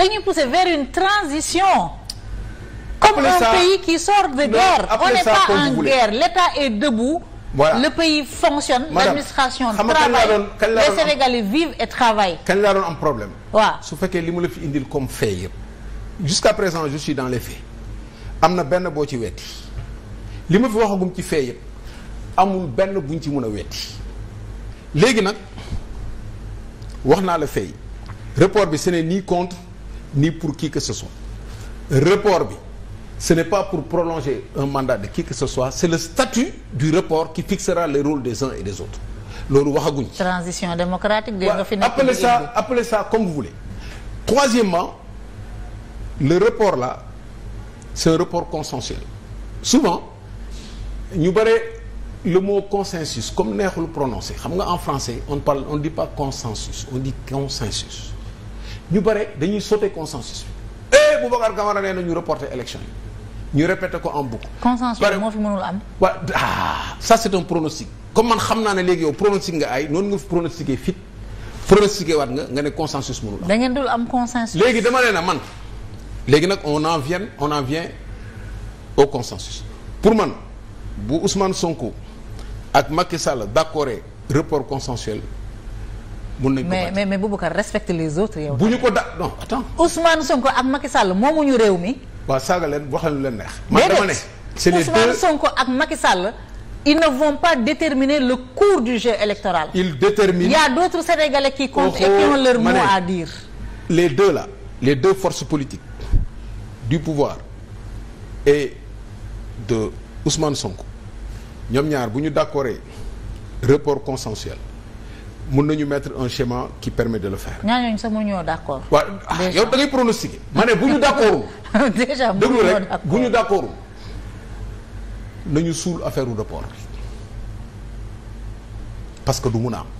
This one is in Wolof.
dañuy pousser vers une transition comme un ça, pays qui sort de guerre non, on n'est pas en guerre l'État est debout le pays fonctionne l'administration travaille les Sénégalais kañ laa doon am problème su fekkee li ma la fi indil comme fait yëpp jusqu'à présent je dans les faits am na benn boo ci wetti li ma fi waxagum ci fee yëpp amul benn buñ ci mun a wetti léegi nag wax naa la fay report bi ce ni contre ni pour qui que ce soit report bi ce n'est pas pour prolonger un mandat de qui que ce soit c'est le statut du report qui fixera les rôles des uns et des autres loolu waxaguñ ci. transition démocratique. dégg nga fi nekk appelez ça appelez ça comme vous voulez. troisièmement le report la c'est un report consensuel souvent ñu bare. le mot consensus comme neexul prononcé xam nga en français on parle on dit pas consensus on dit consensus ñu bare dañuy sauter consensus bi eh Boubacar Camara nee na ñu reporter élection yi ñu répété ko en boucle. consensus moo fi mënul am. waa ah ça c'est un pronostic comme man xam naa ne léegi yow pronostic nga ay noonu nga fi pronostiqué fit pronostiqué waat nga nga ne consensus mënul am. da ngeen dul am consensus. léegi dama ne man léegi nag on en vient on en vient au consensus pour man bu usman Sonko ak Macky Sall d'accord report consensuel. mun nañ ko mais mais mais Boubacar respecte les autres yow. bu ñu ko da non attends. Ousmane Sonko ak Macky Sall ñu réew mi. waaw saaga leen waxal lu leen neex. man dama ne c'est les deux Ousmane ak Macky Sall. ils ne vont pas déterminer le cours du jeu électoral. ils déterminent. il y a d'autres Sénégalais qui comptent oh, et qui ont les deux là les deux forces politiques du pouvoir et de Ousmane Sonko ñoom ñaar bu ñu d'accordé report consensuel. mën nañu mettre un schéma qui permet de le faire. ñaar ñooñu sax mënuñoo d' accord. waaw ah, yow da ngay pronostiquer. ma ne bu ñu d' accord. déjà déglu rek bu ñu d' accord nañu suul affaire u report bi que du mun a am.